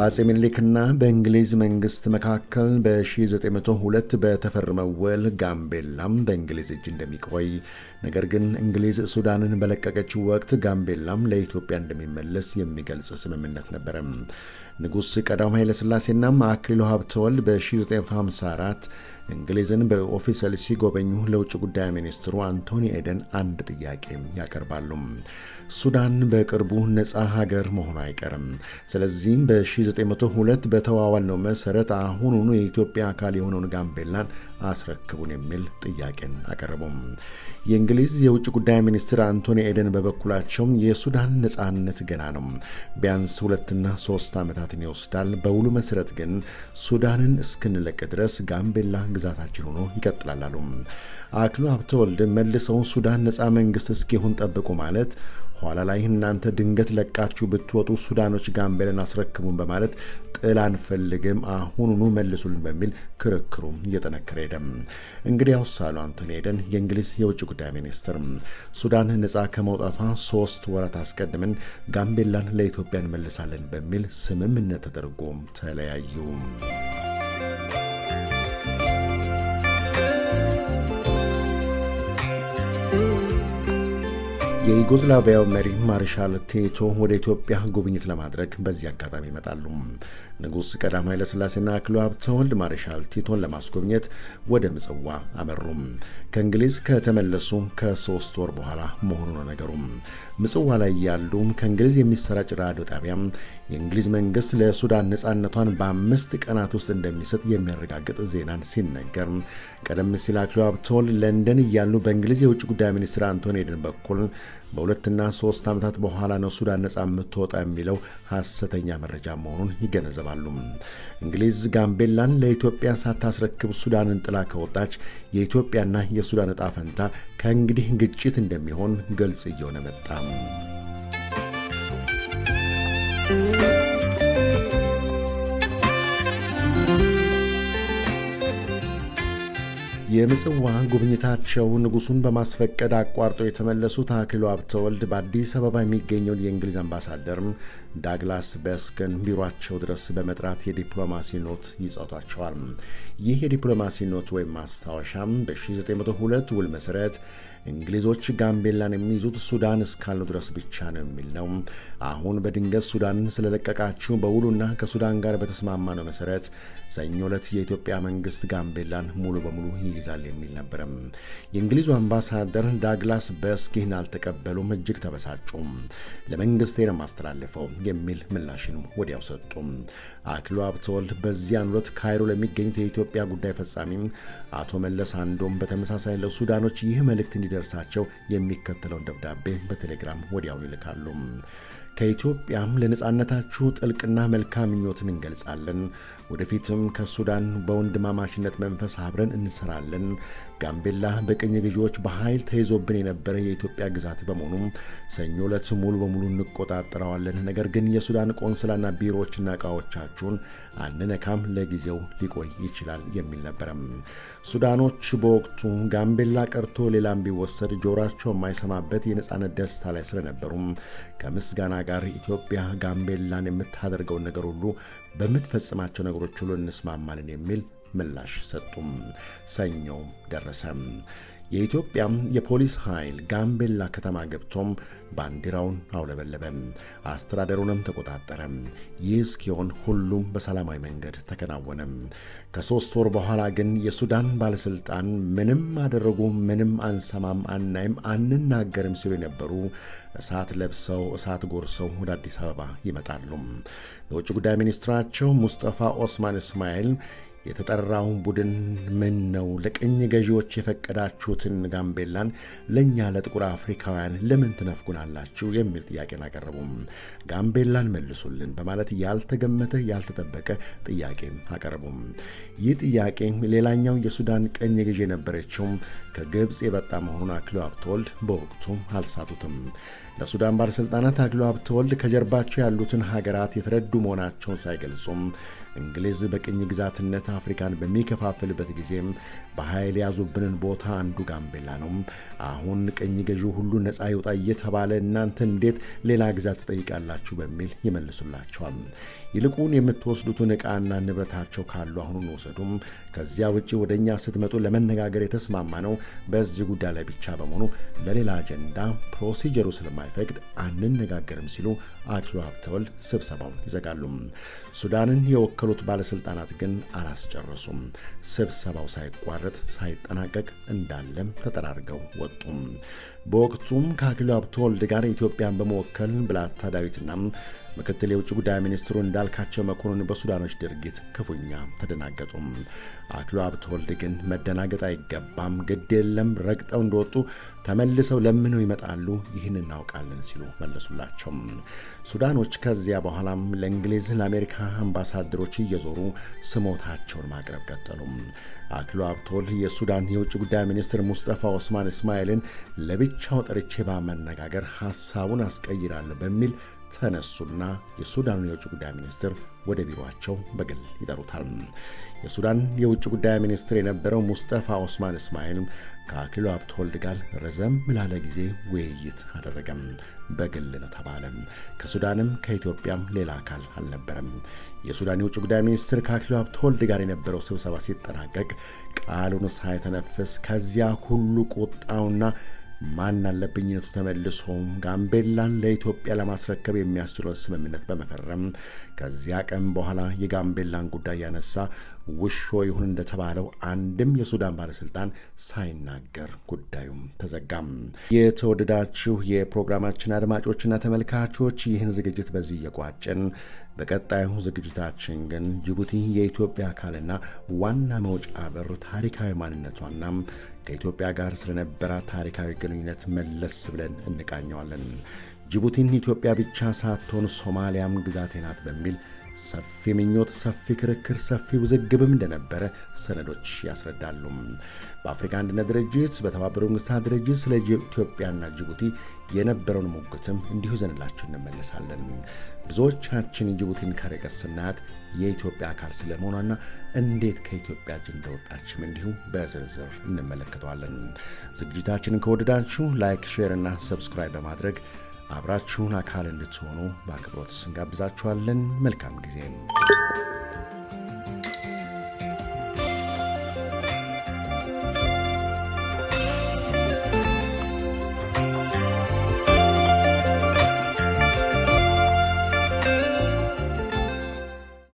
በአጼ ምኒልክና በእንግሊዝ መንግሥት መካከል በ1902 በተፈረመው ውል ጋምቤላም በእንግሊዝ እጅ እንደሚቆይ ነገር ግን እንግሊዝ ሱዳንን በለቀቀችው ወቅት ጋምቤላም ለኢትዮጵያ እንደሚመለስ የሚገልጽ ስምምነት ነበረ። ንጉሥ ቀዳማዊ ኃይለሥላሴና አክሊሉ ሀብተወልድ በ1954 እንግሊዝን በኦፊሰል ሲጎበኙ ለውጭ ጉዳይ ሚኒስትሩ አንቶኒ ኤደን አንድ ጥያቄ ያቀርባሉ። ሱዳን በቅርቡ ነፃ ሀገር መሆኑ አይቀርም። ስለዚህም በ1902 በተዋዋልነው መሰረት አሁኑኑ የኢትዮጵያ አካል የሆነውን ጋምቤላን አስረክቡን የሚል ጥያቄን አቀረቡም። የእንግሊዝ የውጭ ጉዳይ ሚኒስትር አንቶኒ ኤደን በበኩላቸው የሱዳን ነፃነት ገና ነው፣ ቢያንስ ሁለትና ሶስት ዓመታትን ይወስዳል። በውሉ መሰረት ግን ሱዳንን እስክንለቅ ድረስ ጋምቤላ ግዛታችን ሆኖ ይቀጥላል አሉ። አክሉ ሀብተወልድ መልሰውን ሱዳን ነፃ መንግስት እስኪሆን ጠብቁ ማለት ኋላ ላይ እናንተ ድንገት ለቃችሁ ብትወጡ ሱዳኖች ጋምቤልን አስረክቡን በማለት ጥል አንፈልግም፣ አሁኑኑ መልሱልን በሚል ክርክሩ እየጠነከረ ሄደም። እንግዲህ አውሳሉ አንቶኒ ሄደን የእንግሊዝ የውጭ ጉዳይ ሚኒስትር ሱዳን ነፃ ከመውጣቷ ሶስት ወራት አስቀድመን ጋምቤላን ለኢትዮጵያ እንመልሳለን በሚል ስምምነት ተደርጎ ተለያዩ። የዩጎዝላቪያው መሪ ማርሻል ቴቶ ወደ ኢትዮጵያ ጉብኝት ለማድረግ በዚህ አጋጣሚ ይመጣሉ። ንጉሥ ቀዳማዊ ኃይለሥላሴና አክሎ ሀብተወልድ ማርሻል ቴቶን ለማስጎብኘት ወደ ምጽዋ አመሩ ከእንግሊዝ ከተመለሱ ከሶስት ወር በኋላ መሆኑ ነው ነገሩ። ምጽዋ ላይ ያሉ ከእንግሊዝ የሚሰራጭ ራዲዮ ጣቢያም የእንግሊዝ መንግሥት ለሱዳን ነፃነቷን በአምስት ቀናት ውስጥ እንደሚሰጥ የሚያረጋግጥ ዜናን ሲነገር፣ ቀደም ሲል አክሎ ለንደን እያሉ በእንግሊዝ የውጭ ጉዳይ ሚኒስትር አንቶኒ ኤደን በኩል በሁለትና ሶስት ዓመታት በኋላ ነው ሱዳን ነጻ የምትወጣ የሚለው ሐሰተኛ መረጃ መሆኑን ይገነዘባሉ። እንግሊዝ ጋምቤላን ለኢትዮጵያ ሳታስረክብ ሱዳንን ጥላ ከወጣች የኢትዮጵያና የሱዳን ዕጣ ፈንታ ከእንግዲህ ግጭት እንደሚሆን ገልጽ እየሆነ መጣ። የምጽዋ ጉብኝታቸው ንጉሱን በማስፈቀድ አቋርጠው የተመለሱት አክሊሉ ሀብተወልድ በአዲስ አበባ የሚገኘውን የእንግሊዝ አምባሳደር ዳግላስ በስከን ቢሯቸው ድረስ በመጥራት የዲፕሎማሲ ኖት ይጸቷቸዋል። ይህ የዲፕሎማሲ ኖት ወይም ማስታወሻ በ1902 ውል መሰረት እንግሊዞች ጋምቤላን የሚይዙት ሱዳን እስካሉ ድረስ ብቻ ነው የሚል ነው። አሁን በድንገት ሱዳንን ስለለቀቃችሁ በውሉና ከሱዳን ጋር በተስማማ ነው መሰረት ሰኞ ዕለት የኢትዮጵያ መንግስት ጋምቤላን ሙሉ በሙሉ ይይዛል የሚል ነበረም። የእንግሊዙ አምባሳደር ዳግላስ በስክ ይህን አልተቀበሉም። እጅግ ተበሳጩም። ለመንግስቴ ነው የማስተላለፈው የሚል ምላሽን ወዲያው ሰጡም። አክሎ ሀብተወልድ በዚያን ወቅት ካይሮ ለሚገኙት የኢትዮጵያ ጉዳይ ፈጻሚም አቶ መለስ አንዶም በተመሳሳይ ለሱዳኖች ይህ መልእክት እንዲደርሳቸው የሚከተለውን ደብዳቤ በቴሌግራም ወዲያው ይልካሉ። ከኢትዮጵያም ለነፃነታችሁ ጥልቅና መልካም ምኞትን እንገልጻለን። ወደፊትም ከሱዳን በወንድማማችነት መንፈስ አብረን እንሰራለን። ጋምቤላ በቅኝ ገዢዎች በኃይል ተይዞብን የነበረ የኢትዮጵያ ግዛት በመሆኑም ሰኞ ዕለት ሙሉ በሙሉ እንቆጣጠረዋለን። ነገር ግን የሱዳን ቆንስላና ቢሮዎችና እቃዎቻችሁን አንነካም፣ ለጊዜው ሊቆይ ይችላል የሚል ነበረም። ሱዳኖች በወቅቱ ጋምቤላ ቀርቶ ሌላም ቢወሰድ ጆሯቸው የማይሰማበት የነፃነት ደስታ ላይ ስለነበሩም ከምስጋና ጋር ኢትዮጵያ ጋምቤላን የምታደርገውን ነገር ሁሉ በምትፈጽማቸው ነገሮች ሁሉ እንስማማልን የሚል ምላሽ ሰጡም። ሰኞ ደረሰም። የኢትዮጵያም የፖሊስ ኃይል ጋምቤላ ከተማ ገብቶም ባንዲራውን አውለበለበም፣ አስተዳደሩንም ተቆጣጠረም። ይህ እስኪሆን ሁሉም በሰላማዊ መንገድ ተከናወነም። ከሦስት ወር በኋላ ግን የሱዳን ባለሥልጣን ምንም አደረጉ፣ ምንም አንሰማም፣ አናይም፣ አንናገርም ሲሉ የነበሩ እሳት ለብሰው እሳት ጎርሰው ወደ አዲስ አበባ ይመጣሉ። በውጭ ጉዳይ ሚኒስትራቸው ሙስጠፋ ኦስማን እስማኤል የተጠራውን ቡድን ምን ነው ለቅኝ ገዢዎች የፈቀዳችሁትን ጋምቤላን ለእኛ ለጥቁር አፍሪካውያን ለምን ትነፍጉናላችሁ? የሚል ጥያቄን አቀረቡም። ጋምቤላን መልሱልን በማለት ያልተገመተ ያልተጠበቀ ጥያቄም አቀረቡም። ይህ ጥያቄ ሌላኛው የሱዳን ቅኝ ገዢ የነበረችው ከግብፅ የበጣ መሆኑን አክሎ ሀብተወልድ በወቅቱ አልሳቱትም። ለሱዳን ባለሥልጣናት አክሎ ሀብተወልድ ከጀርባቸው ያሉትን ሀገራት የተረዱ መሆናቸውን ሳይገልጹም እንግሊዝ በቅኝ ግዛትነት አፍሪካን በሚከፋፍልበት ጊዜም በኃይል የያዙብንን ቦታ አንዱ ጋምቤላ ነው። አሁን ቅኝ ገዢ ሁሉ ነፃ ይውጣ እየተባለ እናንተ እንዴት ሌላ ግዛት ትጠይቃላችሁ? በሚል ይመልሱላቸዋል። ይልቁን የምትወስዱትን ዕቃና ንብረታቸው ካሉ አሁኑን ውሰዱም። ከዚያ ውጭ ወደ እኛ ስትመጡ ለመነጋገር የተስማማ ነው በዚህ ጉዳይ ላይ ብቻ በመሆኑ ለሌላ አጀንዳ ፕሮሲጀሩ ስለማይፈቅድ አንነጋገርም ሲሉ አክሎ ሀብተወልድ ስብሰባውን ይዘጋሉ። ሱዳንን የወ የወከሉት ባለስልጣናት ግን አላስጨረሱም። ስብሰባው ሳይቋረጥ ሳይጠናቀቅ እንዳለም ተጠራርገው ወጡም። በወቅቱም ከአክሊሉ ሀብተወልድ ጋር ኢትዮጵያን በመወከል ብላታ ዳዊትና ምክትል የውጭ ጉዳይ ሚኒስትሩ እንዳልካቸው መኮንን በሱዳኖች ድርጊት ክፉኛ ተደናገጡም። አክሎ ሀብተወልድ ግን መደናገጥ አይገባም፣ ግድ የለም ረግጠው እንደወጡ ተመልሰው ለምነው ይመጣሉ፣ ይህን እናውቃለን ሲሉ መለሱላቸው። ሱዳኖች ከዚያ በኋላም ለእንግሊዝ፣ ለአሜሪካ አምባሳደሮች እየዞሩ ስሞታቸውን ማቅረብ ቀጠሉ። አክሎ ሀብተወልድ የሱዳን የውጭ ጉዳይ ሚኒስትር ሙስጠፋ ኦስማን እስማኤልን ለብቻው ጠርቼ ባመነጋገር ሀሳቡን አስቀይራለሁ በሚል ተነሱና የሱዳኑ የውጭ ጉዳይ ሚኒስትር ወደ ቢሮቸው በግል ይጠሩታል። የሱዳን የውጭ ጉዳይ ሚኒስትር የነበረው ሙስጠፋ ኦስማን እስማኤል ከአክሊሉ ሀብተወልድ ጋር ረዘም ላለ ጊዜ ውይይት አደረገም። በግል ነው ተባለ። ከሱዳንም ከኢትዮጵያም ሌላ አካል አልነበረም። የሱዳን የውጭ ጉዳይ ሚኒስትር ከአክሊሉ ሀብተወልድ ጋር የነበረው ስብሰባ ሲጠናቀቅ ቃሉን ሳይተነፍስ ከዚያ ሁሉ ቁጣውና ማን አለብኝነቱ ተመልሶ ጋምቤላን ለኢትዮጵያ ለማስረከብ የሚያስችለው ስምምነት በመፈረም ከዚያ ቀን በኋላ የጋምቤላን ጉዳይ ያነሳ ውሾ ይሁን እንደተባለው አንድም የሱዳን ባለስልጣን ሳይናገር ጉዳዩም ተዘጋም። የተወደዳችሁ የፕሮግራማችን አድማጮችና ተመልካቾች ይህን ዝግጅት በዚህ እየቋጭን በቀጣዩ ዝግጅታችን ግን ጅቡቲ የኢትዮጵያ አካልና ዋና መውጫ በር ታሪካዊ ማንነቷና ከኢትዮጵያ ጋር ስለነበራት ታሪካዊ ግንኙነት መለስ ብለን እንቃኘዋለን። ጅቡቲን ኢትዮጵያ ብቻ ሳትሆን ሶማሊያም ግዛቴ ናት በሚል ሰፊ ምኞት፣ ሰፊ ክርክር፣ ሰፊ ውዝግብም እንደነበረ ሰነዶች ያስረዳሉ። በአፍሪካ አንድነት ድርጅት፣ በተባበሩ መንግስታት ድርጅት ስለ ኢትዮጵያና ጅቡቲ የነበረውን ሙግትም እንዲሁ ዘንላችሁ እንመለሳለን። ብዙዎቻችን ጅቡቲን ከርቀት ስናያት የኢትዮጵያ አካል ስለመሆኗና እንዴት ከኢትዮጵያ እጅ እንደወጣችም እንዲሁ በዝርዝር እንመለከተዋለን። ዝግጅታችንን ከወደዳችሁ ላይክ፣ ሼር እና ሰብስክራይብ በማድረግ አብራችሁን አካል እንድትሆኑ በአክብሮት ስንጋብዛችኋለን። መልካም ጊዜም